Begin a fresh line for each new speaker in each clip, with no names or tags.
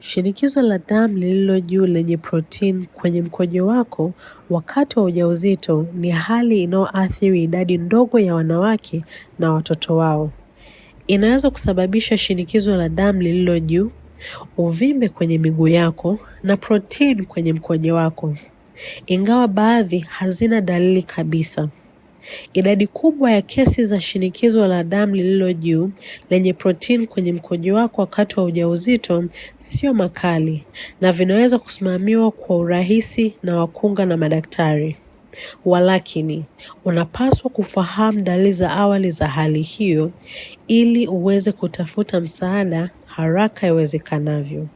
Shinikizo la damu lililo juu lenye protini kwenye mkojo wako wakati wa ujauzito ni hali inayoathiri idadi ndogo ya wanawake na watoto wao. Inaweza kusababisha shinikizo la damu lililo juu, uvimbe kwenye miguu yako na protini kwenye mkojo wako, ingawa baadhi hazina dalili kabisa. Idadi kubwa ya kesi za shinikizo la damu lililo juu lenye protini kwenye mkojo wako wakati wa ujauzito sio makali na vinaweza kusimamiwa kwa urahisi na wakunga na madaktari. Walakini, unapaswa kufahamu dalili za awali za hali hiyo ili uweze kutafuta msaada haraka iwezekanavyo.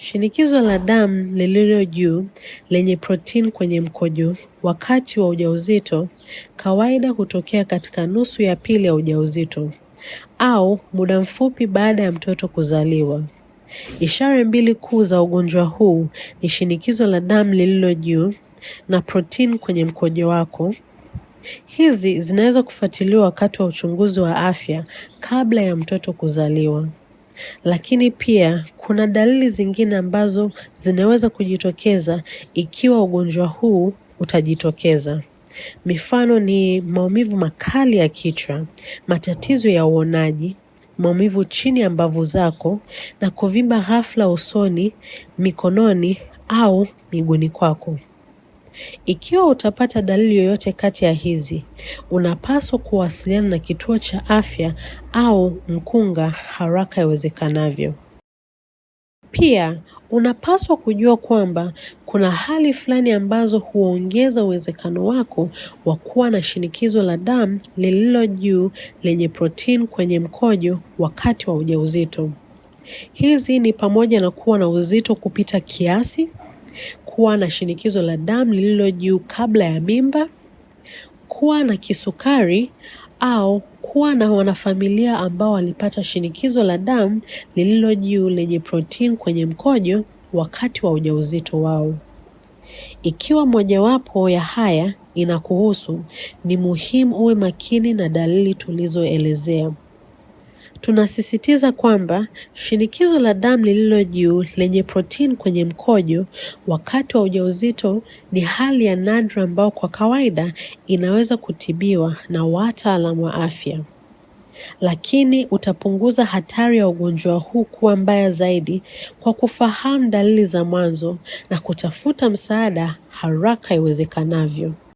Shinikizo la damu lililo juu lenye protini kwenye mkojo wakati wa ujauzito kawaida hutokea katika nusu ya pili ya ujauzito au muda mfupi baada ya mtoto kuzaliwa. Ishara mbili kuu za ugonjwa huu ni shinikizo la damu lililo juu na protini kwenye mkojo wako. Hizi zinaweza kufuatiliwa wakati wa uchunguzi wa afya kabla ya mtoto kuzaliwa. Lakini pia kuna dalili zingine ambazo zinaweza kujitokeza ikiwa ugonjwa huu utajitokeza. Mifano ni maumivu makali ya kichwa, matatizo ya uonaji, maumivu chini ya mbavu zako na kuvimba ghafla usoni, mikononi au miguuni kwako. Ikiwa utapata dalili yoyote kati ya hizi, unapaswa kuwasiliana na kituo cha afya au mkunga haraka iwezekanavyo. Pia unapaswa kujua kwamba kuna hali fulani ambazo huongeza uwezekano wako wa kuwa na shinikizo la damu lililo juu lenye protini kwenye mkojo wakati wa ujauzito. Hizi ni pamoja na kuwa na uzito kupita kiasi kuwa na shinikizo la damu lililo juu kabla ya mimba, kuwa na kisukari au kuwa na wanafamilia ambao walipata shinikizo la damu lililo juu lenye protini kwenye mkojo wakati wa ujauzito wao. Ikiwa mojawapo ya haya inakuhusu, ni muhimu uwe makini na dalili tulizoelezea. Tunasisitiza kwamba shinikizo la damu lililo juu lenye protini kwenye mkojo wakati wa ujauzito ni hali ya nadra ambayo kwa kawaida inaweza kutibiwa na wataalam wa afya, lakini utapunguza hatari ya ugonjwa huu kuwa mbaya zaidi kwa kufahamu dalili za mwanzo na kutafuta msaada haraka iwezekanavyo.